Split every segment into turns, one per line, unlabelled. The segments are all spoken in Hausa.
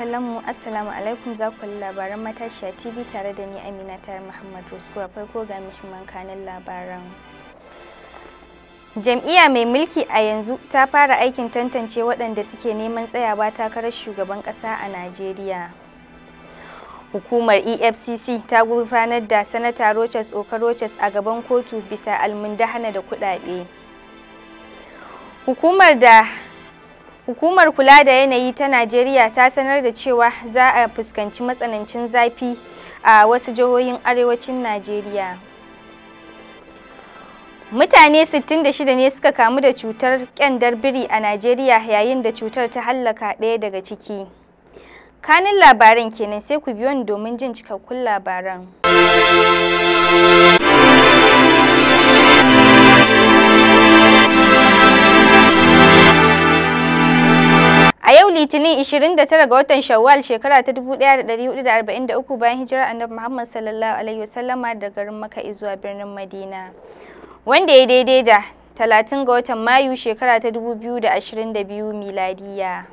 kallon mu assalamu alaikum za ku labaran matashiya tv tare da ni amina tare muhammad ruskuwa farko ga muhimman kanin labaran jam'iyya mai mulki a yanzu ta fara aikin tantance waɗanda suke neman tsayawa takarar shugaban ƙasa a najeriya hukumar efcc ta gurfanar da sanata rochas Rochas a gaban kotu bisa almundahana da kuɗaɗe hukumar da Hukumar kula da yanayi ta Najeriya ta sanar da cewa za a fuskanci matsanancin zafi a wasu jihohin arewacin Najeriya. Mutane 66 ne suka kamu da cutar kyandar biri a Najeriya yayin da cutar ta hallaka ɗaya daga ciki. Kanin labaran kenan sai ku biyo ni domin jin cikakkun labaran. Litinin 29 ga watan Shawwal shekara ta 1443 bayan hijirar Annabi Muhammad sallallahu alaihi wasallama da garin Makka zuwa birnin Madina. Wanda ya daidai da 30 ga watan Mayu shekara ta 2022 miladiya.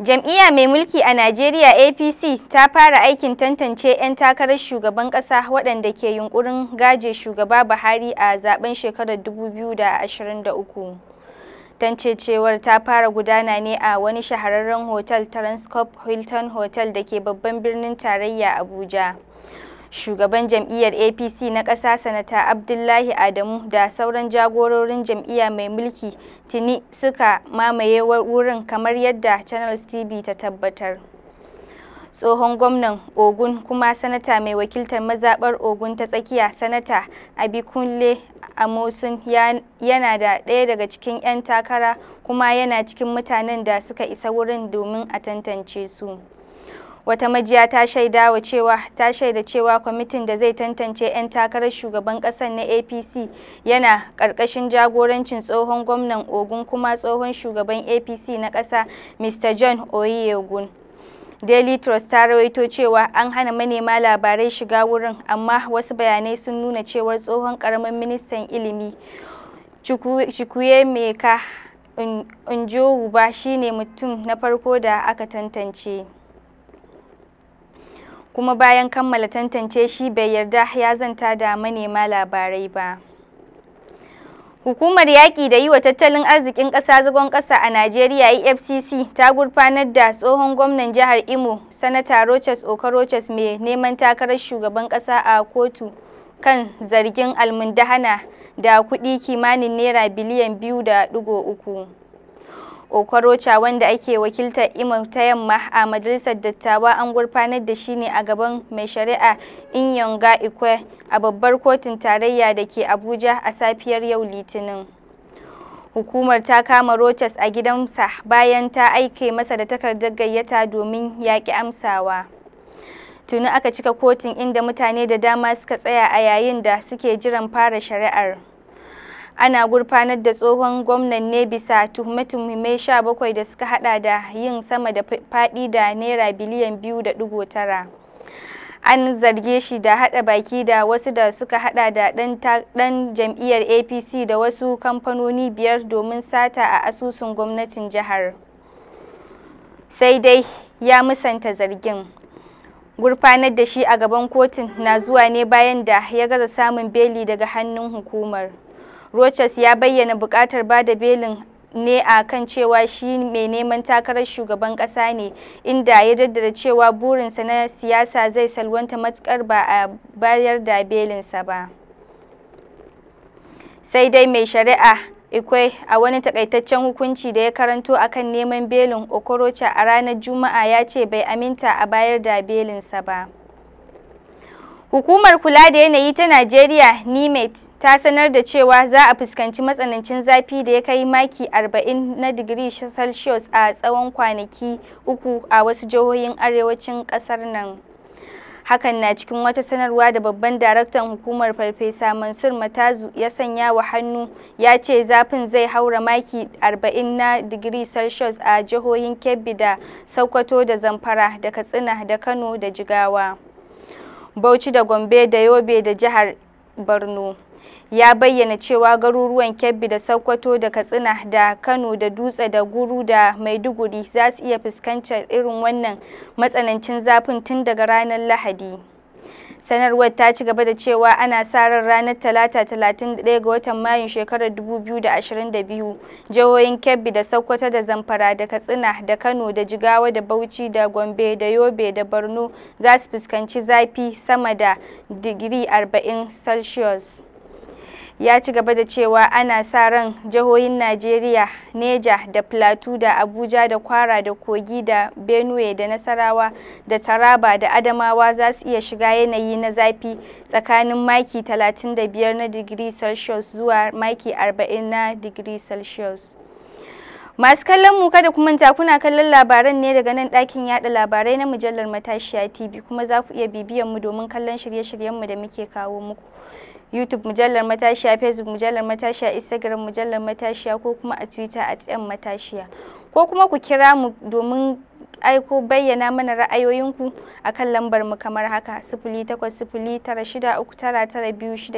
Jam'iyya mai mulki a Najeriya APC ta fara aikin tantance 'yan takarar shugaban ƙasa waɗanda ke yunkurin gaje shugaba Buhari a zaben shekarar 2023. tantancewar ta fara gudana ne a wani shahararren hotel Transcorp Hilton Hotel da ke babban birnin tarayya Abuja. Shugaban jam'iyyar APC na ƙasa Sanata Abdullahi Adamu da sauran jagororin jam'iyya mai mulki tuni suka mamaye wurin kamar yadda channel TV ta tabbatar. tsohon gwamnan Ogun kuma sanata mai wakiltar mazabar Ogun ta tsakiya sanata Abikunle Amosun yana da ɗaya daga cikin 'yan takara kuma yana cikin mutanen da suka isa wurin domin a tantance su. Wata majiya ta shaida cewa ta shaida cewa kwamitin da zai tantance 'yan takarar shugaban kasar na APC yana karkashin jagorancin tsohon gwamnan Ogun kuma tsohon shugaban APC na kasa Mr. John Oyegun. Daily Trust ta rawaito cewa an hana manema labarai shiga wurin, amma wasu bayanai sun nuna cewar tsohon karamin ministan ilimi Chukwuemeka Njohuba shi ne mutum na farko da aka tantance. Kuma bayan kammala tantance shi bai yarda ya zanta da manema labarai ba. Hukumar yaƙi da yi wa tattalin arzikin ƙasa zagon ƙasa a Najeriya EFCC ta gurfanar da tsohon gwamnan jihar Imo, Sanata Rochas okoroches mai neman takarar shugaban ƙasa a kotu kan zargin almundahana da kuɗi kimanin naira biliyan biyu da ɗigo uku. Okorocha wanda ake wakiltar Imo ta Yamma a Majalisar Dattawa an gurfanar da shi ne a gaban mai shari'a Inyanga Ikwe a babbar kotun tarayya da ke Abuja a safiyar yau Litinin. Hukumar ta kama Rochas a gidansa bayan ta aike masa da takardar gayyata domin yaƙi amsawa. Tuni aka cika kotun inda mutane da dama suka tsaya a yayin da suke jiran fara shari'ar. ana gurfanar da tsohon gwamnan ne bisa tuhume sha 17 da suka hada da yin sama da fadi da naira biliyan biyu da tara an zarge shi da hada baki da wasu da suka hada da dan jam'iyyar apc da wasu kamfanoni biyar domin sata a asusun gwamnatin jihar sai dai ya musanta zargin gurfanar da shi a gaban kotun na zuwa ne bayan da ya gaza samun beli daga hannun hukumar Rochas ya bayyana buƙatar bada belin ne a kan cewa shi mai neman takarar shugaban ƙasa ne inda ya jaddada cewa burinsa na siyasa zai salwanta matukar ba a bayar da belinsa ba sai dai mai shari'a ikwai a wani takaitaccen hukunci da ya karanto akan neman belin Okorocha a ranar Juma'a ya ce bai aminta a bayar da belinsa ba. Hukumar kula da yanayi ta Najeriya NIMET ta sanar da cewa za a fuskanci matsanancin zafi da ya kai maki 40 na digiri celsius a tsawon kwanaki uku a wasu jihohin arewacin kasar nan hakan na cikin wata sanarwa da babban daraktan hukumar farfesa mansur matazu ya sanya wa hannu ya ce zafin zai haura maki 40 na digiri celsius a jihohin kebbi da sokoto da zamfara da katsina da kano da jigawa bauchi da gombe da yobe da jihar borno ya bayyana cewa garuruwan Kebbi da Sokoto da Katsina da Kano da Dutse da Guru da Maiduguri za su iya fuskantar irin wannan matsanancin zafin tun daga ranar Lahadi. Sanarwar ta ci gaba da cewa ana sa ran ranar Talata 31 ga watan mayu shekarar 2022 jihohin Kebbi da Sokoto da Zamfara da Katsina da Kano da Jigawa da Bauchi da Gombe da Yobe da Borno za su fuskanci zafi sama da digiri 40 Celsius. ya ci gaba da cewa ana sa ran jihohin Najeriya, Neja da Plateau da Abuja da Kwara da Kogi da Benue da Nasarawa da Taraba da Adamawa za su iya shiga yanayi na zafi tsakanin maki 35 na digiri Celsius zuwa maki 40 na digiri Celsius. Masu kallon mu kada ku manta kuna kallon labaran ne daga nan ɗakin yada labarai na mujallar Matashiya TV kuma za ku iya bibiyan mu domin kallon shirye-shiryen mu da muke kawo muku. YouTube mujallar matashiya, Facebook mujallar matashiya, Instagram mujallar matashiya ko kuma a Twitter at matashiya. Ko kuma ku kira mu domin aiko bayyana mana ra'ayoyinku kan lambar mu kamar haka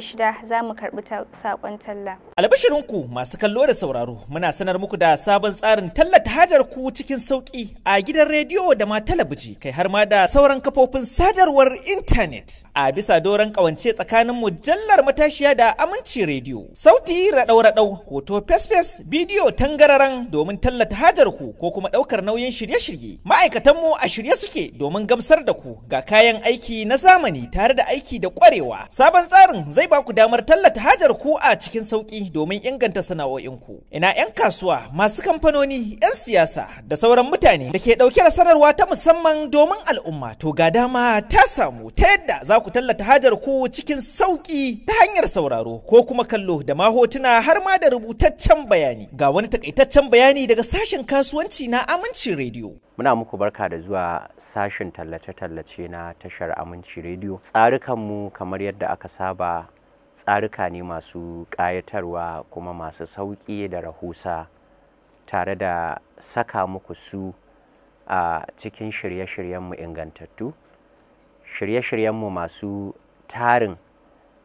shida. za mu karɓi saƙon talla.
Albashirinku masu kallo da sauraro muna sanar muku da sabon tsarin tallata hajar ku cikin sauki a gidan rediyo da ma talabiji kai har ma da sauran kafofin sadarwar intanet a bisa doron kawance tsakanin mujallar matashiya da aminci rediyo sauti raɗau-raɗau hoto fesfes bidiyo tangararan domin tallata hajar ku ko kuma ɗaukar nauyin shirye-shirye Ma'aikatanmu a shirye suke domin gamsar da ku ga kayan aiki na zamani tare da aiki da ƙwarewa. Sabon tsarin zai ba ku damar tallata hajar ku a cikin sauƙi domin inganta sana'o'inku. Ina 'yan kasuwa, masu kamfanoni, 'yan siyasa da sauran mutane da ke ɗauke da sanarwa ta musamman domin al'umma. To ga dama ta samu ta yadda za ku tallata hajar ku cikin sauƙi ta hanyar sauraro ko kuma kallo da ma hotuna har ma da rubutaccen bayani. Ga wani takaitaccen bayani daga sashen kasuwanci na Amincin Rediyo. Muna muku barka da zuwa sashen tallace-tallace na tashar Aminci rediyo. Tsarukanmu kamar yadda aka saba tsarika ne masu ƙayatarwa kuma masu sauƙi da rahusa tare da saka muku su a cikin shirye-shiryenmu ingantattu. Shirye-shiryenmu masu tarin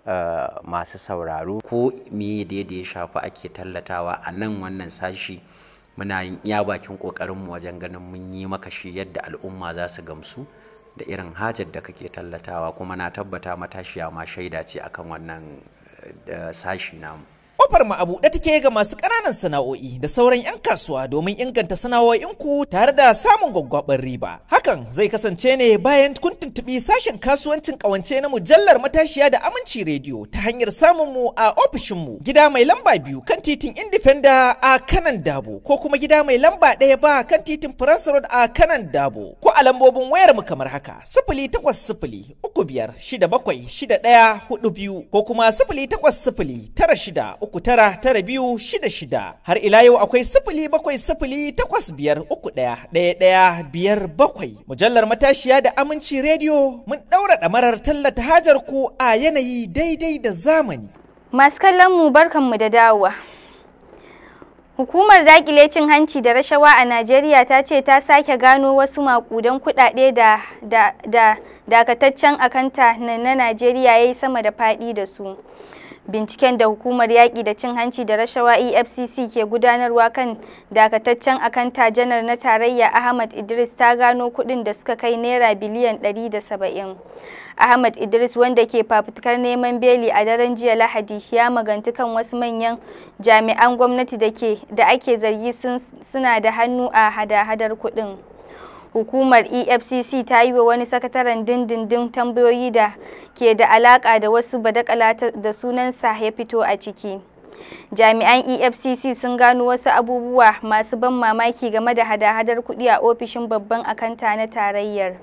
Uh, masu sauraro ko me da ya shafi ake tallatawa a nan wannan sashi muna yin iya bakin ƙoƙarinmu wajen ganin mun yi maka shi yadda al'umma za su gamsu da irin hajar da kake tallatawa kuma na tabbata matashiya ma shaida ce akan wannan eh, sashi namu Kofar mu a buɗe take ga masu ƙananan sana'o'i da sauran 'yan kasuwa domin inganta sana'o'inku tare da samun gwaggwabar riba. Hakan zai kasance ne bayan kun tuntuɓi sashen kasuwancin ƙawance na mujallar matashiya da aminci rediyo ta hanyar samun mu a ofishin mu gida mai lamba biyu kan titin Indifenda a kanan dabo ko kuma gida mai lamba ɗaya ba kan titin France a kanan dabo ko a lambobin wayar mu kamar haka sifili takwas sifili uku biyar shida bakwai shida ɗaya hudu biyu ko kuma sifili takwas sifili tara shida uku tara tara biyu shida shida har ila yau akwai sifili bakwai sifili takwas biyar uku ɗaya ɗaya ɗaya biyar bakwai mujallar matashiya da aminci rediyo mun ɗaura
ɗamarar tallata hajar ku a yanayi daidai da zamani. Masu kallon mu barkan mu da dawowa. Hukumar dakile cin hanci da rashawa a Najeriya ta ce ta sake gano wasu makudan kudade da da dakataccen akanta na Najeriya ya yi sama da faɗi da su. Binciken da hukumar yaƙi da cin hanci da rashawa EFCC ke gudanarwa kan dakataccen akanta janar na tarayya Ahmad Idris ta gano kuɗin da suka kai naira biliyan 170. Ahmad Idris wanda ke fafutukar neman beli a daren jiya Lahadi ya maganti kan wasu manyan jami'an gwamnati da ake zargi suna da hannu a hada-hadar kuɗin. hukumar efcc ta yi wa wani sakataren dindindin tambayoyi da ke da alaka da wasu badakala da sunansa ya fito a ciki jami'an efcc sun gano wasu abubuwa masu ban mamaki game da hada-hadar kuɗi a ofishin babban akanta na tarayyar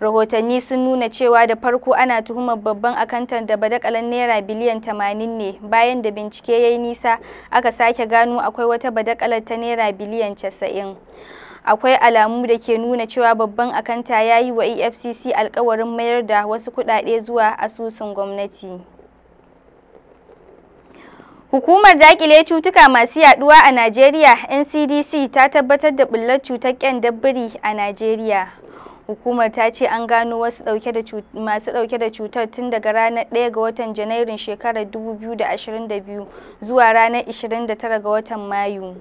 rahotanni sun nuna cewa da farko ana tuhumar babban akantan da badakalan naira biliyan 80 ne bayan da bincike ya yi nisa aka sake gano akwai wata badakalar ta naira biliyan 90 akwai alamu da ke nuna cewa babban akanta ya yi wa efcc alkawarin mayar da wasu kudade zuwa asusun gwamnati Hukumar dakile cutuka masu yaduwa a Najeriya NCDC ta tabbatar da bullar cutar kyan dabbiri a Najeriya. Hukumar ta ce an gano wasu masu ɗauke da cutar tun daga ranar 1 ga watan Janairun shekarar 2022 zuwa ranar 29 ga watan Mayu.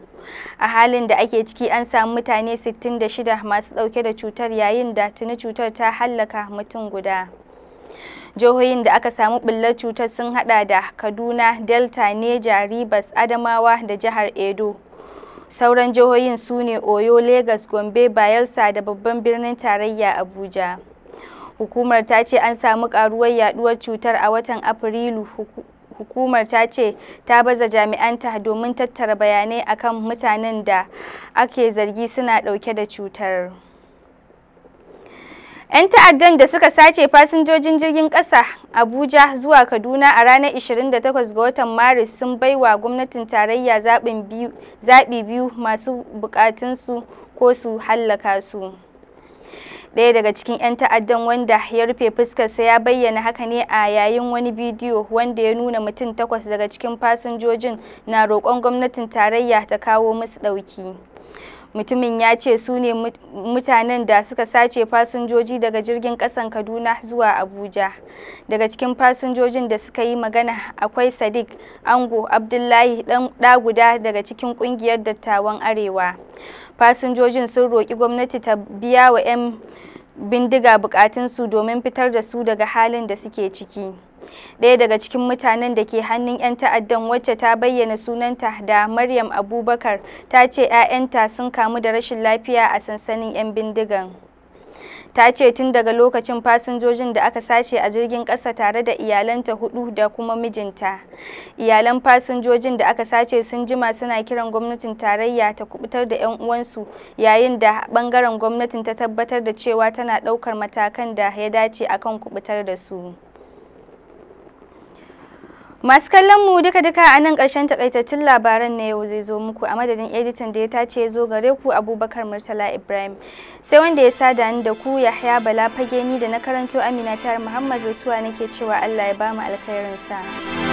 A halin da ake ciki an samu mutane 66 masu ɗauke da cutar yayin da tuni cutar ta hallaka mutum guda. Jihohin da aka samu ɓullar cutar sun haɗa da Kaduna, Delta, Neja, Ribas, Adamawa da jihar Edo. Sauran jihohin su ne Oyo, lagos Gombe, Bayelsa da babban birnin tarayya Abuja. Hukumar ta ce an samu karuwar yaduwar cutar a watan Afrilu. Hukumar ta ce ta baza jami'anta domin tattara bayanai akan mutanen da ake zargi suna dauke da cutar. 'Yan ta'addan da suka sace fasinjojin jirgin ƙasa Abuja zuwa Kaduna a ranar 28 ga watan Maris sun baiwa gwamnatin tarayya zaɓi biyu masu buƙatunsu ko su hallaka su. Ɗaya daga cikin 'yan ta'addan wanda ya rufe fuskarsa ya bayyana haka ne a yayin wani bidiyo wanda ya nuna mutum takwas daga cikin fasinjojin na roƙon gwamnatin tarayya ta kawo musu ɗauki. mutumin ya ce su ne mutanen da suka sace fasinjoji daga jirgin kasan kaduna zuwa abuja daga cikin fasinjojin da suka yi magana akwai sadiq ango abdullahi ɗa guda daga cikin ƙungiyar dattawan arewa fasinjojin sun roƙi gwamnati ta biya wa 'yan bindiga bukatunsu domin fitar da su daga halin da suke ciki daya daga cikin mutanen da ke hannun 'yan ta'addan wacce ta bayyana sunanta da maryam abubakar ta ce 'ya'yanta sun kamu da rashin lafiya a sansanin 'yan bindigan ta ce tun daga lokacin fasinjojin da aka sace a jirgin ƙasa tare da iyalanta hudu da kuma mijinta iyalan fasinjojin da aka sace sun jima suna kiran gwamnatin tarayya ta kubutar da 'yan uwansu yayin da bangaren gwamnatin ta tabbatar da cewa tana ɗaukar matakan da ya dace akan kubutar da su Masu kallon mu duka-duka a nan ƙarshen takaitattun labaran na yau zai zo muku a madadin editan da ya tace zo gare ku Abubakar Murtala Ibrahim. Sai wanda ya sada ni da ku Yahya Bala fage ni da na karanto Amina Tar Muhammad Rasuwa nake cewa Allah ya bamu alkhairinsa. sa.